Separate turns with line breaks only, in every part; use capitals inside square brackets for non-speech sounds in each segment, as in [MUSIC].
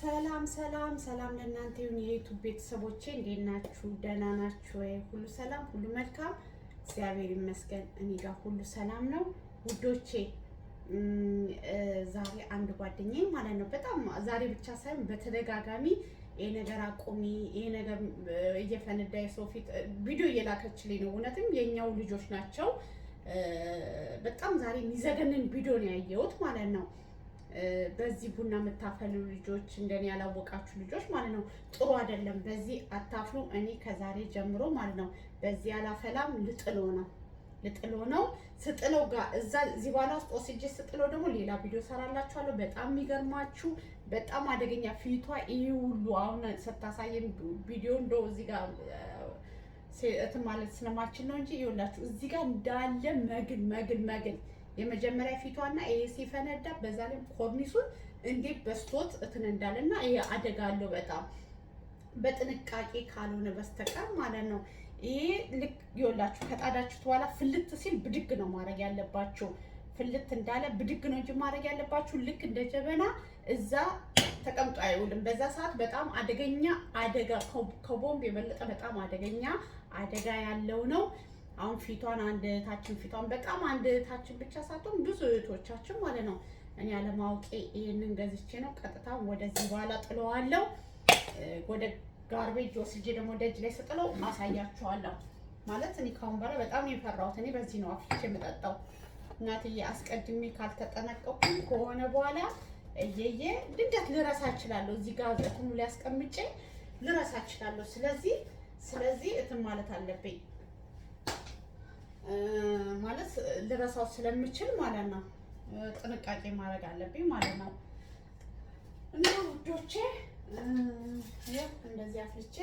ሰላም ሰላም ሰላም ለእናንተ ይሁን የዩቱብ ቤተሰቦቼ፣ እንዴት ናችሁ? ደህና ናችሁ ወይ? ሁሉ ሰላም፣ ሁሉ መልካም፣ እግዚአብሔር ይመስገን። እኔ ጋር ሁሉ ሰላም ነው ውዶቼ። ዛሬ አንድ ጓደኛዬ ማለት ነው በጣም ዛሬ ብቻ ሳይሆን በተደጋጋሚ ይሄ ነገር አቁሚ፣ ይሄ ነገር እየፈነዳ የሰው ፊት ቪዲዮ እየላከችልኝ ነው። እውነትም የእኛው ልጆች ናቸው። በጣም ዛሬ የሚዘገንን ቪዲዮ ነው ያየሁት ማለት ነው በዚህ ቡና የምታፈሉ ልጆች እንደኔ ያላወቃችሁ ልጆች ማለት ነው፣ ጥሩ አይደለም። በዚህ አታፍሉ። እኔ ከዛሬ ጀምሮ ማለት ነው በዚህ አላፈላም። ልጥሎ ነው ልጥሎ ነው ስጥሎ ጋር እዛ እዚህ በኋላ ውስጥ ወስጄ ስጥሎ ደግሞ ሌላ ቪዲዮ ሰራላችኋለሁ። በጣም የሚገርማችሁ በጣም አደገኛ ፊቷ ይህ ሁሉ አሁን ስታሳየን ቪዲዮ እንደ እዚህ ጋር እንትን ማለት ስለማችን ነው እንጂ ይኸውላችሁ እዚህ ጋር እንዳለ መግል መግል መግል የመጀመሪያ ፊቷና ይሄ ሲፈነዳ በዛ ላይ ኮርኒሱን እንዴት በስቶት እትን እንዳለና ይሄ አደጋ አለው በጣም በጥንቃቄ ካልሆነ በስተቀር ማለት ነው። ይሄ ልክ ይወላችሁ ከጣዳችሁ በኋላ ፍልት ሲል ብድግ ነው ማድረግ ያለባችሁ። ፍልት እንዳለ ብድግ ነው እንጂ ማድረግ ያለባችሁ ልክ እንደ ጀበና እዛ ተቀምጦ አይውልም። በዛ ሰዓት በጣም አደገኛ አደጋ ከቦምብ የበለጠ በጣም አደገኛ አደጋ ያለው ነው። አሁን ፊቷን አንድ እህታችን ፊቷን በጣም አንድ እህታችን ብቻ ሳትሆን ብዙ እህቶቻችን ማለት ነው። እኔ አለማውቄ ይህንን ገዝቼ ነው ቀጥታ ወደዚህ በኋላ ጥለዋለሁ። ወደ ጋርቤጅ ወስጄ ደግሞ ደጅ ላይ ስጥለው አሳያችኋለሁ። ማለት እኔ ካሁን በኋላ በጣም የፈራሁት እኔ በዚህ ነው አፍቼ የምጠጣው። እናትዬ አስቀድሜ ካልተጠነቀቁ ከሆነ በኋላ እየየ ድንገት ልረሳ እችላለሁ። እዚህ ጋር ጥቅሙ ሊያስቀምጬ ልረሳ እችላለሁ። ስለዚህ ስለዚህ እትም ማለት አለብኝ ማለት ልረሳው ስለምችል ማለት ነው ጥንቃቄ ማድረግ አለብኝ ማለት ነው። እና ውዶቼ እንደዚህ አፍልቼ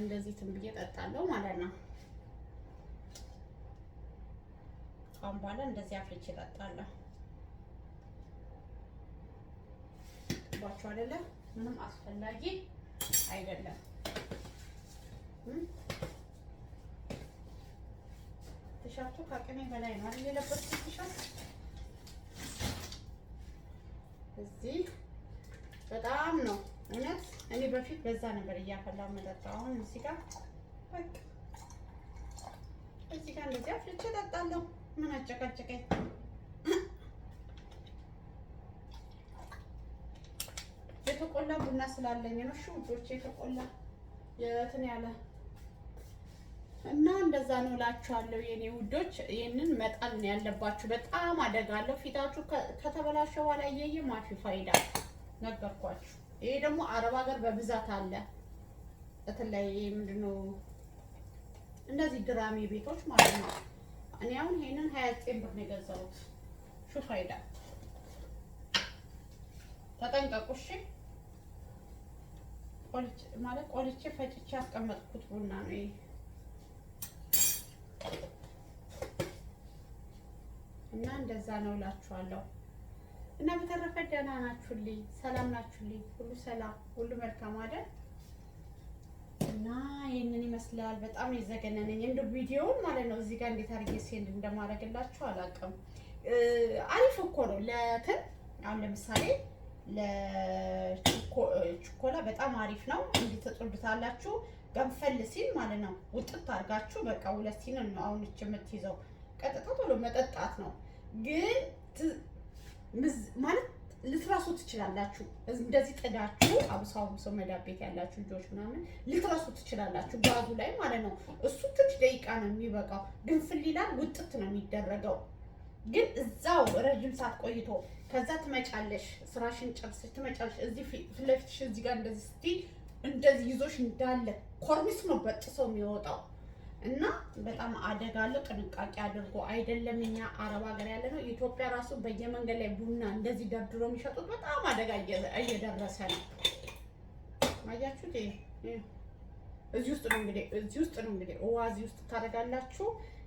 እንደዚህ ትንብዬ ጠጣለሁ ማለት ነው። ካሁን በኋላ እንደዚህ አፍልቼ ጠጣለሁ። ባችሁ አይደለም ምንም አስፈላጊ አይደለም። ቲሸርቱ ከአቅሜ በላይ ነው አይደል የለበስኩት ቲሸርት። እዚህ በጣም ነው እውነት። እኔ በፊት በዛ ነበር እያፈላ መጠጣው። አሁን እዚህ ጋር በቃ እዚህ ጋር እንደዚህ አፍልቼ እጠጣለሁ። ምን አጨቃጨቀኝ? የተቆላ ቡና ስላለኝ ነው። እሺ ውዶቼ፣ የተቆላ የትን ያለ እና እንደዛ ነው እላችኋለሁ የኔ ውዶች። ይህንን መጠን ያለባችሁ በጣም አደጋለሁ። ፊታችሁ ከተበላሸ በኋላ እየየ ማፊ ፋይዳ ነገርኳችሁ። ይሄ ደግሞ አረብ ሀገር በብዛት አለ። እትን ምንድነው እነዚህ ድራሜ ቤቶች ማለት ነው። እኔ አሁን ይሄንን ሀያ ዘጠኝ ብር ነው የገዛሁት። ፋይዳ ተጠንቀቁ እሺ። ማለት ቆልቼ ፈጭቼ ያስቀመጥኩት ቡና ነው ይሄ እና እንደዛ ነው እላችኋለሁ። እና በተረፈ ደህና ናችሁልኝ? ሰላም ናችሁልኝ? ሁሉ ሰላም፣ ሁሉ መልካም አይደል? እና ይህንን ይመስላል። በጣም የዘገነነኝ እንደ ቪዲዮውን ማለት ነው። እዚህ ጋር እንዴት አድርጌ ሴንድ እንደማደርግላችሁ አላውቅም። አሪፍ እኮ ነው ለትን አሁን ለምሳሌ ለችኮላ በጣም አሪፍ ነው። እንዲህ ተጥሉታላችሁ ገንፈል ሲል ማለት ነው። ውጥት አድርጋችሁ በቃ ሁለት ነው አሁን እች የምትይዘው። ቀጥታ ቶሎ መጠጣት ነው ግን ማለት ልትረሱ ትችላላችሁ። እንደዚህ ጥዳችሁ አብሰው አብሰው መዳብ ቤት ያላችሁ ልጆች ምናምን ልትረሱ ትችላላችሁ፣ ጋዙ ላይ ማለት ነው። እሱ ትንሽ ደቂቃ ነው የሚበቃው፣ ግን ፍሊላ ውጥት ነው የሚደረገው። ግን እዛው ረጅም ሰዓት ቆይቶ ከዛ ትመጫለሽ፣ ስራሽን ጨርሰሽ ትመጫለሽ። እዚህ ፊት ለፊትሽ እዚህ ጋር እንደዚህ ስትይ እንደዚህ ይዞሽ እንዳለ ኮርሚስ ነው በጥሶ የሚወጣው እና በጣም አደጋ አለው። ጥንቃቄ አድርጎ አይደለም እኛ አረብ ሀገር ያለ ነው። ኢትዮጵያ ራሱ በየመንገድ ላይ ቡና እንደዚህ ደርድሮ የሚሸጡት በጣም አደጋ እየደረሰ ነው። አያችሁት? እዚህ ውስጥ ነው እንግዲህ እዚህ ውስጥ ነው እንግዲህ እዋዚ ውስጥ ታደርጋላችሁ።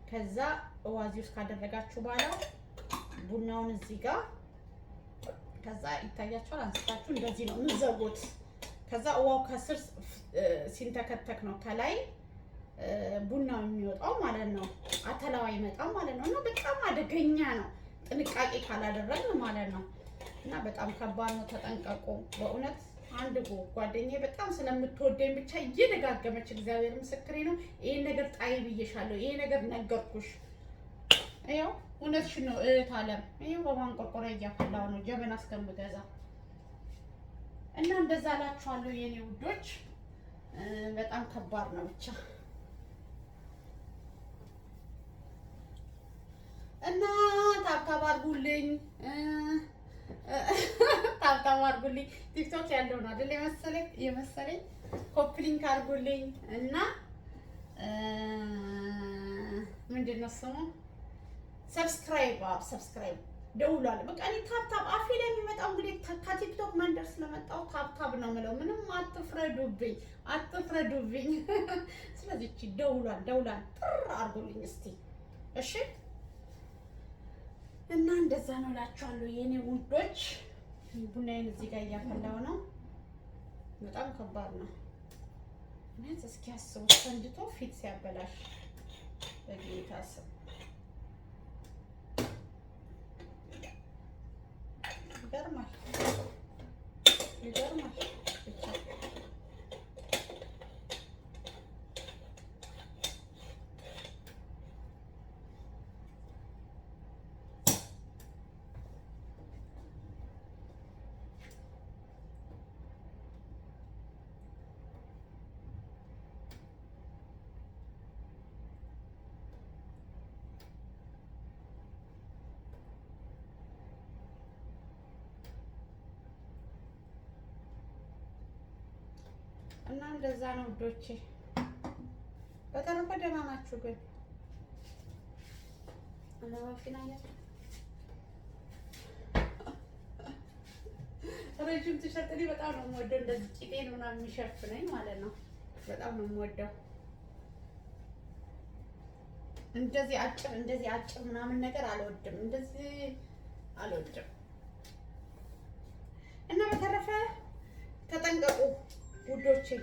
ከዛ እዋዚ ውስጥ ካደረጋችሁ በኋላ ቡናውን እዚህ ጋር ከዛ ይታያችኋል። አንስታችሁ እንደዚህ ነው ምዘጎት ከዛ ውሃው ከስር ሲንተከተክ ነው ከላይ ቡናው የሚወጣው ማለት ነው። አተላው አይመጣም ማለት ነው። እና በጣም አደገኛ ነው ጥንቃቄ ካላደረግን ማለት ነው። እና በጣም ከባድ ነው። ተጠንቀቁ። በእውነት አንድ ጓደኛዬ በጣም ስለምትወደኝ ብቻ እየደጋገመች እግዚአብሔር ምስክሬ ነው፣ ይሄን ነገር ጣይ ብዬሻለሁ፣ ይሄ ነገር ነገርኩሽ፣ ይኸው እውነትሽ ነው እህት አለም፣ በማንቆርቆሪያ እያፈላሁ ነው ጀበና እስከምገዛ እና እንደዛ እላችኋለሁ የኔ ውዶች። በጣም ከባድ ነው ብቻ እና ታብታብ አድርጉልኝ፣ ታብታብ አድርጉልኝ። ቲክቶክ ያለው ነው አይደል የመሰለኝ የመሰለኝ ኮፕሊንክ አድርጉልኝ እና ምንድን ነው ስሙ ሰብስክራይብ አብ ሰብስክራይብ ደውሏል። በቃ እኔ ታብታብ አፌ ላይ የሚመጣው እንግዲህ ከቲክቶክ መንደር ስለመጣው ታብታብ ነው ምለው። ምንም አትፍረዱብኝ፣ አትፍረዱብኝ። [LAUGHS] ስለዚህ እቺ ደውሏል፣ ደውሏል ጥር አድርጎልኝ እስቲ እሺ። እና እንደዛ ነው እላችኋለሁ የእኔ ውዶች። ቡናዬን እዚህ ጋር እያፈላው ነው። በጣም ከባድ ነው። እውነት እስኪ አስቡት፣ ፈንድቶ ፊት ሲያበላሽ በጌታ ስም biber mi? እና እንደዛ ነው ውዶቼ። በተረፈ ደህና ናችሁ ግን ረጅም ቲሸርት እኔ በጣም ነው የምወደው። እንደዚህ ቂጤን ምናምን የሚሸፍነኝ ማለት ነው። በጣም ነው የምወደው። እንደዚህ አጭር እንደዚህ አጭር ምናምን ነገር አልወድም። እንደዚህ አልወድም እና በተረፈ جی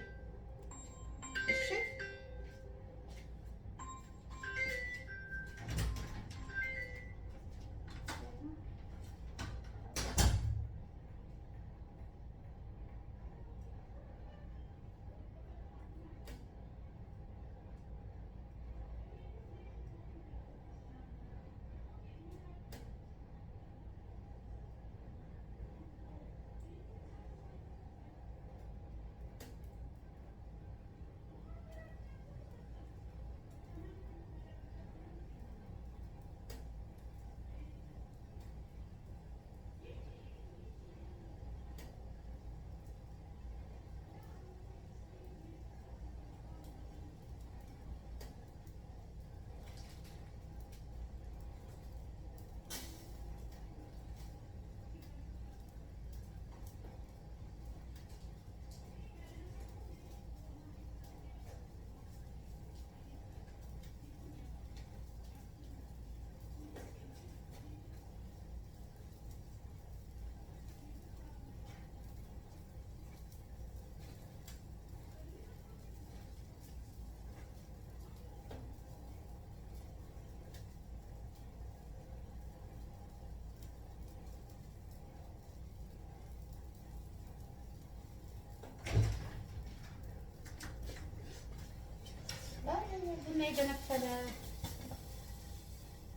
እና የገነፈለ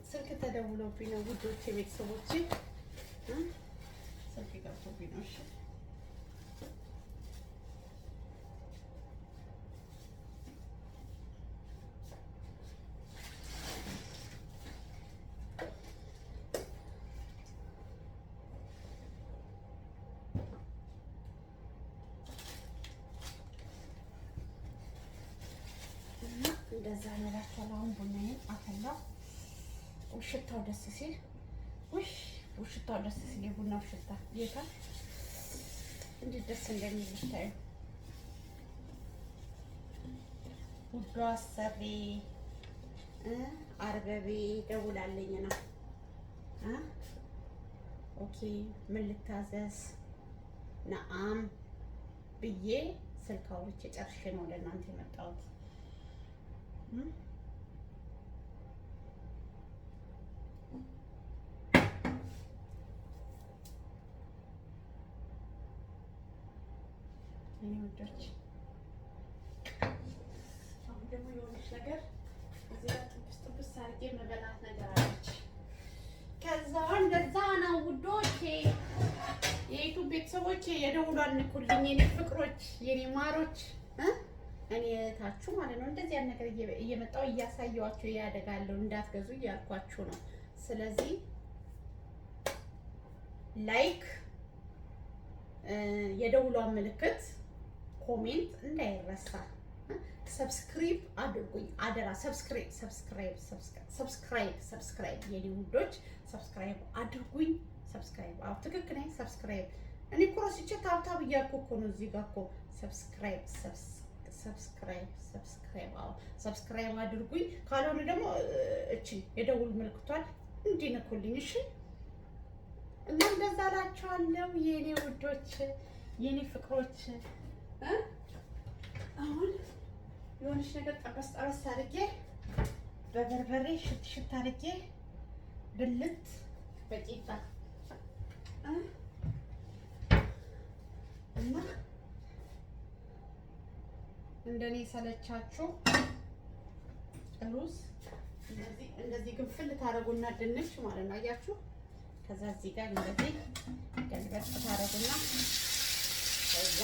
ስልክ ተደውሎብኝ ነው ውዶቼ ቤተሰቦቼ እንደዛ እንላችኋለሁ። አሁን ቡናዬን አፈላ። ውሽታው ደስ ሲል ውሽ ውሽታው ደስ ሲል የቡናው ሽታ ጌታ እንዴት ደስ እንደሚል ብታዩ። ውዷ አሰሬ አርበቤ ደውላለኝ ነው። ኦኬ ምን ልታዘዝ ነአም ብዬ ስልክ አውርቼ ጨርሼ ነው ለእናንተ የመጣሁት። ወዳች አሁን ደግሞ የሆነች ነገር እዚህ ጥብስ ጥብስ አድርጌ መበላት ነገር አለች። ከዛ እንደዛ ነው ውዶቼ፣ የኢቱ ቤተሰቦቼ፣ የደውሏን ንኩልኝ የኔ ፍቅሮች፣ የኔ ማሮች እኔ ታችሁ ማለት ነው እንደዚህ ያን ነገር እየመጣው እያሳየዋችሁ ያደጋለሁ እንዳትገዙ እያልኳችሁ ነው። ስለዚህ ላይክ፣ የደውሏን ምልክት፣ ኮሜንት እንዳይረሳ ሰብስክሪብ አድርጉኝ አደራ። ሰብስክሪብ ሰብስክሪብ ሰብስክሪብ ሰብስክሪብ የኔ ውዶች ሰብስክራይብ አድርጉኝ። ሰብስክራይብ አዎ፣ ትክክል ነኝ። ሰብስክራይብ እኔ እኮ ረስቼ ታብታብ እያልኩ እኮ ነው እዚህ ጋር እኮ ሰብስክራይብ ሰብስክራይብ ሰብስክራይብ አዎ ሰብስክራይብ አድርጉኝ። ካልሆነ ደግሞ እቺ የደውል ምልክቷን እንዲነኩልኝ እሺ። እና እንደዛ እላቸዋለሁ የኔ ውዶች፣ የኔ ፍቅሮች። አሁን የሆነች ነገር ጠበስ ጠበስ አድርጌ በበርበሬ ሽት ሽት አድርጌ ብልት በቂጣ እና እንደኔ ሰለቻችሁ ሩዝ እንደዚህ እንደዚህ ግንፍል ታደርጉና ድንች ማለት ነው። አያችሁ። ከዛ እዚህ ጋር እንደዚህ ገልበጥ ታደርጉና ከዛ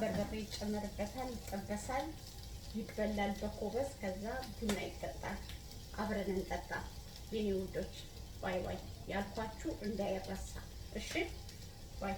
በርበሬ ይጨመርበታል፣ ይጠበሳል፣ ይበላል በኮበስ ከዛ ቡና ይጠጣል። አብረን እንጠጣ የኔ ውዶች። ዋይ ዋይ ያልኳችሁ እንዳይረሳ እሺ። ዋይ